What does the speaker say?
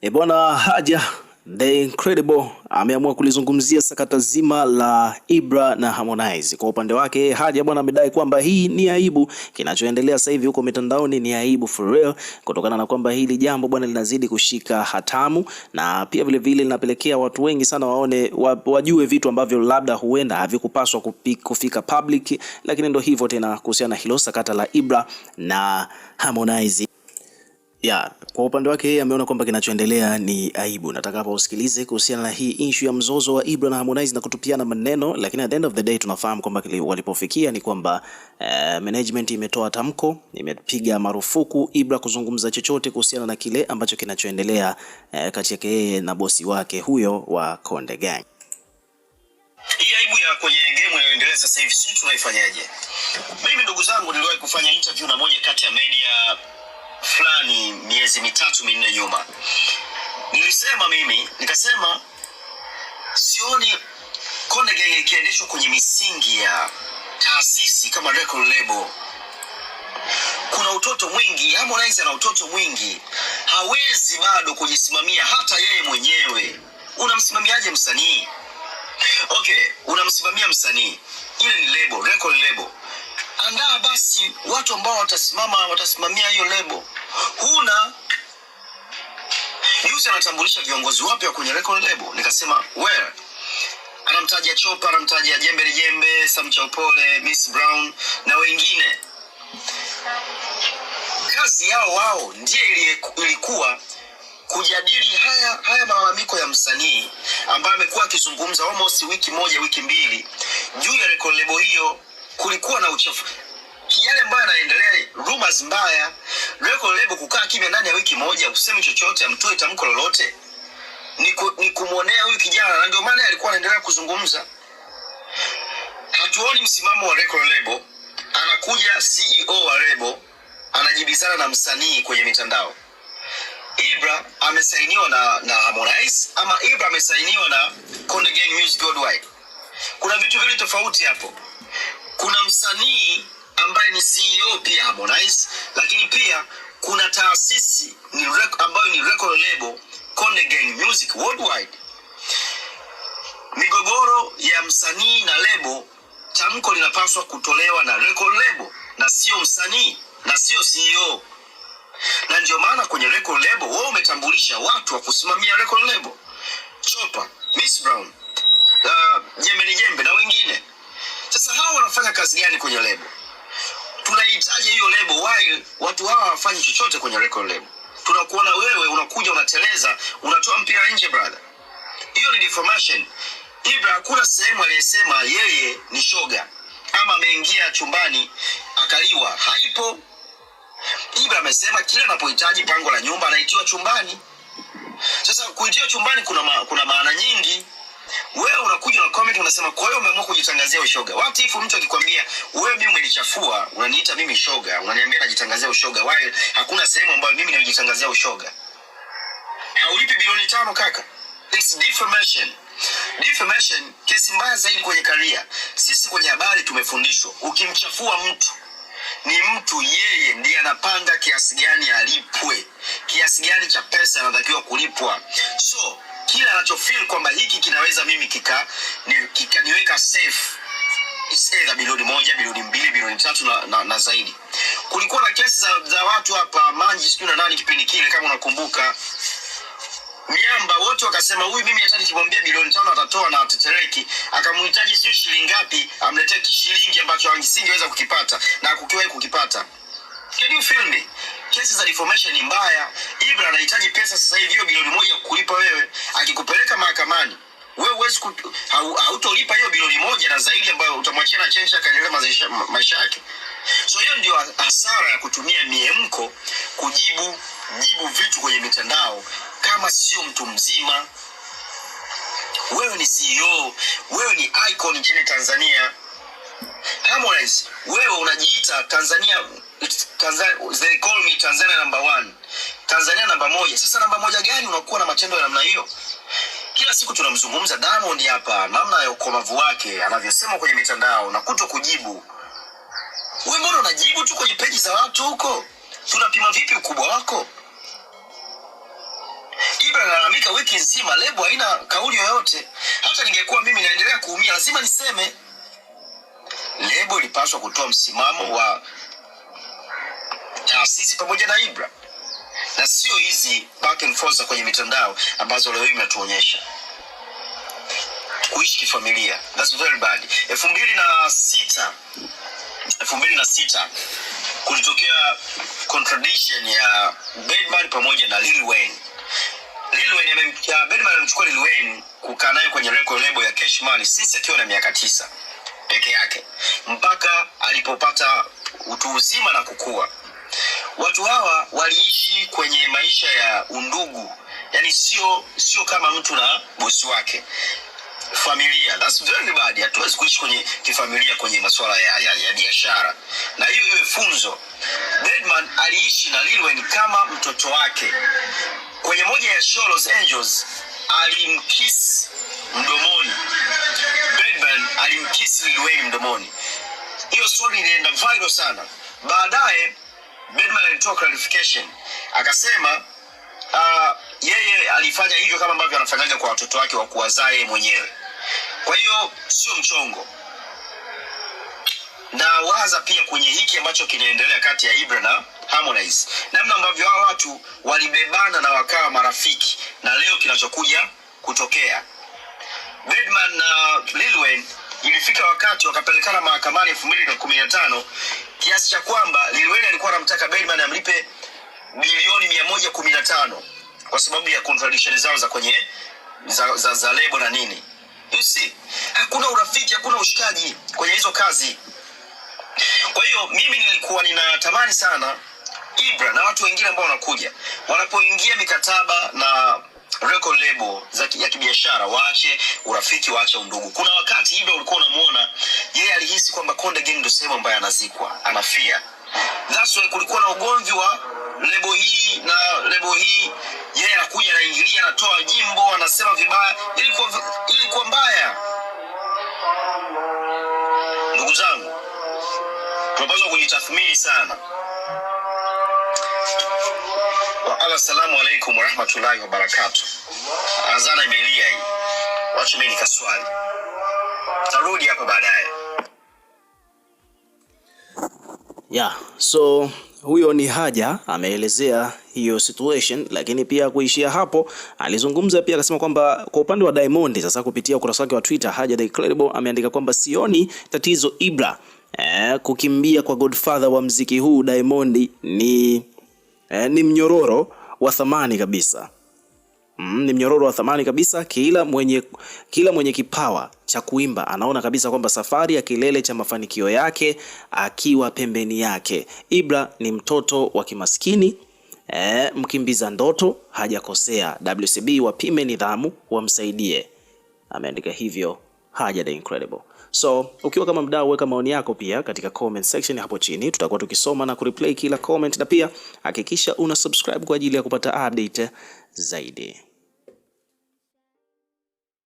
E bwana Haja The Incredible ameamua kulizungumzia sakata zima la Ibra na Harmonize. Kwa upande wake Haja bwana amedai kwamba hii ni aibu, kinachoendelea sasa hivi huko mitandaoni ni aibu for real, kutokana na kwamba hili jambo bwana linazidi kushika hatamu na pia vile vile linapelekea watu wengi sana waone wajue vitu ambavyo labda huenda havikupaswa kufika public, lakini ndio hivyo tena kuhusiana na hilo sakata la Ibra na Harmonize. Ya, kwa upande wake yeye ameona kwamba kinachoendelea ni aibu. Nataka hapa usikilize kuhusiana na hii inshu ya mzozo wa Ibra na Harmonize na kutupiana maneno, lakini at the end of the day tunafahamu kwamba walipofikia ni kwamba uh, management imetoa tamko, imepiga marufuku Ibra kuzungumza chochote kuhusiana na kile ambacho kinachoendelea uh, kati yake yeye na bosi wake huyo wa Konde Gang. Hii aibu ya kwenye game inayoendelea sasa hivi sisi tunaifanyaje? Mimi ndugu zangu niliwahi kufanya interview na moja kati ya media fulani miezi mitatu minne nyuma, nilisema mimi nikasema, sioni Konde Gang ikiendeshwa kwenye misingi ya taasisi kama record label. Kuna utoto mwingi, Harmonize ana utoto mwingi, hawezi bado kujisimamia hata yeye mwenyewe. Unamsimamiaje msanii? Okay, unamsimamia msanii, ile ni label, record label andaa basi watu ambao watasimama watasimamia hiyo lebo. Huna Yuzi anatambulisha viongozi wapya kwenye record lebo Nikasema well, anamtaja Chopa, anamtaja Jembe Lijembe, Sam Chaupole, Miss Brown na wengine. Kazi yao wao ndiye ilikuwa kujadili haya haya malalamiko ya msanii ambaye amekuwa akizungumza almost wiki moja wiki mbili juu ya record lebo hiyo kulikuwa na uchafu yale ambayo yanaendelea, rumors mbaya, record label kukaa kimya ndani ya wiki moja, usemi chochote, amtoe tamko lolote, ni ku, ni kumwonea huyu kijana, na ndio maana alikuwa anaendelea kuzungumza. Hatuoni msimamo wa record label. Anakuja CEO wa label anajibizana na msanii kwenye mitandao. Ibra amesainiwa na, na Harmonize ama Ibra amesainiwa na Konde Gang Music Worldwide. Kuna vitu vile tofauti hapo kuna msanii ambaye ni CEO pia Harmonize, lakini pia kuna taasisi ni ambayo ni record label Konde Gang Music Worldwide. Migogoro ya msanii na lebo, tamko linapaswa kutolewa na record label na sio msanii na sio CEO. Na ndio maana kwenye record label wao umetambulisha watu wa kusimamia record label, Chopa, Miss Brown, uh, Jembe ni Jembe na wengine sasa hawa wanafanya kazi gani kwenye lebo? Tunahitaji hiyo lebo, while watu hawa hawafanyi chochote kwenye record lebo. Tunakuona wewe unakuja unateleza, unatoa mpira nje, brother. Hiyo ni deformation. Ibra hakuna sehemu aliyesema yeye ni shoga ama ameingia chumbani akaliwa, haipo. Ibra amesema kila anapohitaji pango la nyumba anaitiwa chumbani. Sasa kuitiwa chumbani kuna, ma, kuna maana nyingi. Wewe unakuja na comment unasema, kwa hiyo umeamua kujitangazia ushoga. What if mtu akikwambia wewe, mimi umenichafua, unaniita mimi shoga, unaniambia najitangazia ushoga, while hakuna sehemu ambayo mimi najitangazia ushoga. Haulipi bilioni tano kaka, it's defamation. Defamation, kesi mbaya zaidi kwenye karia. Sisi kwenye habari tumefundishwa ukimchafua mtu ni mtu yeye ndiye anapanga kiasi gani alipwe, kiasi gani cha pesa anatakiwa kulipwa. So kila anachofeel kwamba hiki kinaweza mimi kika kikaniweka safe aidha bilioni moja bilioni mbili bilioni tatu na, na, na zaidi. Kulikuwa na kesi za, za watu hapa Manji sijui na nani kipindi kile, kama unakumbuka miamba wote wakasema, huyu mimi hata nikimwambia bilioni tano atatoa na atetereki. Akamhitaji sijui shilingi ngapi, amletea kishilingi ambacho asingeweza kukipata na kukiwahi kukipata. Can you feel me? Kesi za reformation ni mbaya. Ibra anahitaji pesa sasa hivi, hiyo bilioni moja kulipa wewe hautolipa hiyo bilioni moja na zaidi ambayo utamwachia na chencha akaendelea maisha yake. So hiyo ndio hasara ya kutumia miemko kujibu jibu vitu kwenye mitandao kama sio mtu mzima. Wewe ni CEO, wewe ni icon nchini Tanzania. Harmonize, wewe unajiita Tanzania, Tanzania, they call me Tanzania number one, Tanzania namba moja. Sasa namba moja gani unakuwa na matendo ya namna hiyo? Kila siku tunamzungumza Diamond hapa, namna ya ukomavu wake anavyosema kwenye mitandao na kuto kujibu. Wewe mbona unajibu tu kwenye peji za watu huko? Tunapima vipi ukubwa wako? Ibra analalamika wiki nzima, lebo haina kauli yoyote. Hata ningekuwa mimi naendelea kuumia, lazima niseme. Lebo ilipaswa kutoa msimamo wa taasisi pamoja na Ibra na sio hizi back and forth za kwenye mitandao ambazo leo hii mnatuonyesha kuishi kifamilia. That's very bad. 2006 mbili elfu mbili na sita kulitokea contradiction ya Birdman pamoja na Lil Wayne. Lil Wayne Birdman alimchukua Lil Wayne kukaa naye kwenye record label ya Cash Money sisi akiwa na miaka tisa peke yake mpaka alipopata utu uzima na kukua. Watu hawa waliishi kwenye maisha ya undugu, yani sio sio kama mtu na bosi wake familia. That's very bad. Hatuwezi kuishi kwenye kifamilia kwenye masuala ya, ya, ya biashara, na hiyo iwe funzo. bedman aliishi na lilwen kama mtoto wake. Kwenye moja ya show Los Angeles alimkiss mdomoni, bedman alimkiss lilwen mdomoni. Hiyo story ilienda viral sana baadaye Bittman alitoa clarification akasema uh, yeye alifanya hivyo kama ambavyo anafanyaga kwa watoto wake wa kuwazaa yeye mwenyewe. Kwa hiyo sio mchongo, na waza pia kwenye hiki ambacho kinaendelea kati ya Ibra na Harmonize, namna ambavyo hao watu walibebana na wakawa marafiki, na leo kinachokuja kutokea Bittman na Lil Wayne ilifika wakati wakapelekana mahakamani 2015 kiasi cha kwamba Lil Wayne alikuwa Walter Bellman amlipe bilioni mia moja kumi na tano kwa sababu ya contradiction zao za kwenye za, za, za lebo na nini. You see, hakuna urafiki, hakuna ushikaji kwenye hizo kazi. Kwa hiyo mimi nilikuwa ninatamani sana Ibra na watu wengine ambao wanakuja wanapoingia mikataba na record label za ya kibiashara waache urafiki, waache undugu. Kuna wakati Ibra ulikuwa unamuona yeye alihisi kwamba Konde Gang ndio sehemu ambayo anazikwa, anafia. That's kulikuwa na ugomvi wa lebo hii na lebo hii, yeye yeah, anakuja anaingilia, anatoa jimbo, anasema vibaya. Ilikuwa ilikuwa mbaya, ndugu zangu, tunapaswa kujitathmini sana. Assalamu alaikum warahmatullahi wabarakatu. Azana imelia hii, wacha mimi nikaswali, tarudi hapa baadaye. Yeah, so huyo ni Haja ameelezea hiyo situation, lakini pia kuishia hapo, alizungumza pia akasema kwamba kwa upande wa Diamond sasa, kupitia ukurasa wake wa Twitter, Haja the Incredible ameandika kwamba sioni tatizo Ibra eh, kukimbia kwa godfather wa mziki huu Diamond ni eh, ni mnyororo wa thamani kabisa. Mm, ni mnyororo wa thamani kabisa. Kila mwenye, kila mwenye kipawa cha kuimba anaona kabisa kwamba safari ya kilele cha mafanikio yake akiwa pembeni yake. Ibra ni mtoto wa kimaskini eh, mkimbiza ndoto hajakosea. WCB wapime nidhamu, wamsaidie. Ameandika hivyo Haja the Incredible. So ukiwa kama mdau, weka maoni yako pia katika comment section hapo chini, tutakuwa tukisoma na kureplay kila comment, na pia hakikisha una subscribe kwa ajili ya kupata update zaidi.